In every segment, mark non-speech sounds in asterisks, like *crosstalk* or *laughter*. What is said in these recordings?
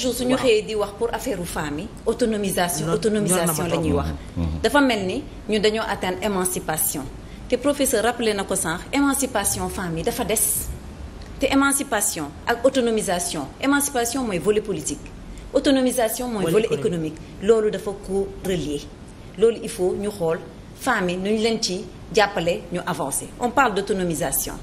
jour suñu xëyee di wax pour affaire femme yi autonomisation autonomisation la ñuy wax mhm. dafa mel ni ñu dañoo atteindre émancipation te professeur rappelé na ko sànq émancipation femme yi dafa des te émancipation ak autonomisation émancipation mooy vole politique autonomisation mooy volet économique loolu dafa ko relier loolu il faut ñu xool femmes yi nu ñu leen ci jàppale ñu avancer on parle d' autonomisation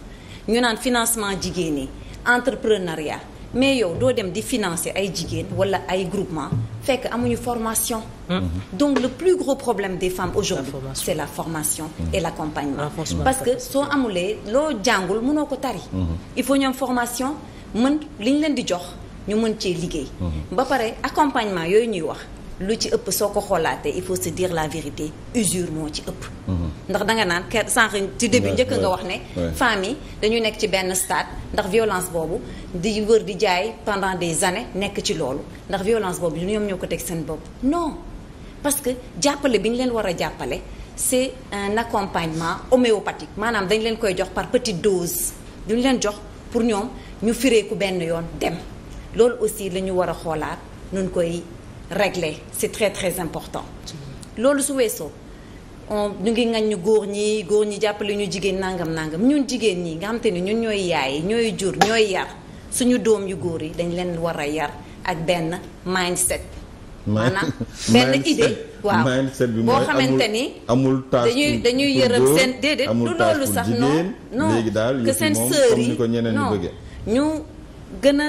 ñu naan financement jigéen ñi entrepreneuriat mais yow doo dem di financer ay jigéen walla ay groupement fekk amuñu formation hmm. donc le plus gros problème des femmes aujourd'hui c'est la formation hmm. et l'accompagnement parce que soo amulee loo jàngul mënoo ko tari hmm. il faut ñoom formation mën li ñu leen di jox ñu mën cee liggéey ba pare accompagnement yooyu ñuy wax lu ci ëpp soo ko xoolaatee il faut se dire la vérité usure moo ci ëpp. Mhm. ndax danga naan kër sànq ci début njëkk nga wax ne. femmes yi dañu nekk ci benn stade ndax violence boobu di wër di jaay pendant des années nekk ci loolu ndax violence boobu ñoom ñoo ko teg seen bopp. non parce que jàppale bi ñu leen war a jàppale c'est un accompagnement homéopathique maanaam dañ leen koy jox par petite dose duñu leen jox pour ñoom ñu fireeku benn yoon dem loolu aussi la war a xoolaat nun koy. régler c'est très très important. Mm-hmm. loolu su weesoo on ñu ngi ŋaññu góor ñi góor ñi jàppale ñu jigéen nangam nangam ñun jigéen ñi nga xam te ni ñun ñooy yaay ñooy jur ñooy yar suñu doom yu góor yi dañ leen war a yar ak benn mindset. maanaam *laughs* benn idée waaw boo xamante ni amul taas dañuy dañuy yërëm seen déedéet du loolu sax non non que seen sœurs yi non ñu gën a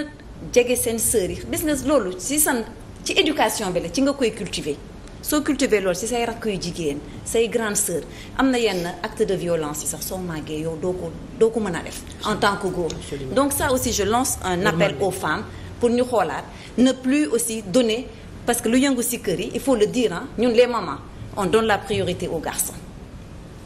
jege seen sœurs yi nga loolu si san ci éducation bi la ci nga koy cultiver soo cultiver loolu si say rakk yu jigéen say grande sœur am na yenn acte de violence yi sax soo màggee yow doo ko doo ko mën a def en tant que góor donc ça sax je lance un appel aux femmes pour ñu xoolaat ne plus aussi donner parce que lu yëngu si kër yi il faut le dire ah ñun les mamans on la priorité aux garçons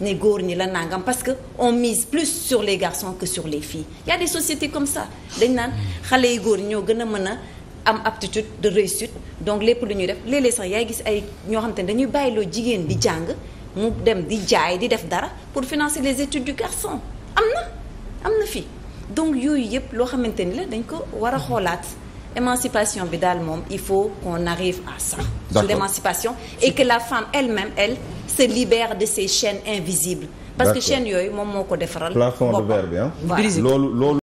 ne góor ñi la nangam parce que on mise plus sur les garçons que sur les filles il y a des sociétés comme ça dañ naan xale yu góor ñoo gën a mën a am aptitude de réussite donc lépp lu ñuy def léeg sax yaay gis ay ñoo xam te ne dañuy bàyyiloo jigéen di jàng mu dem di jaay di def dara pour financer les études du garçon am na am na fi donc yooyu yëpp loo xamante ni la dañ ko war a xoolaat émancipation bi daal moom il faut qu'on arrive à sax sur l'émancipation et que la femme elle-même elle se libère de ces invisible parce que chaine yooyu moom moo ko defaral plafond de loolu loolu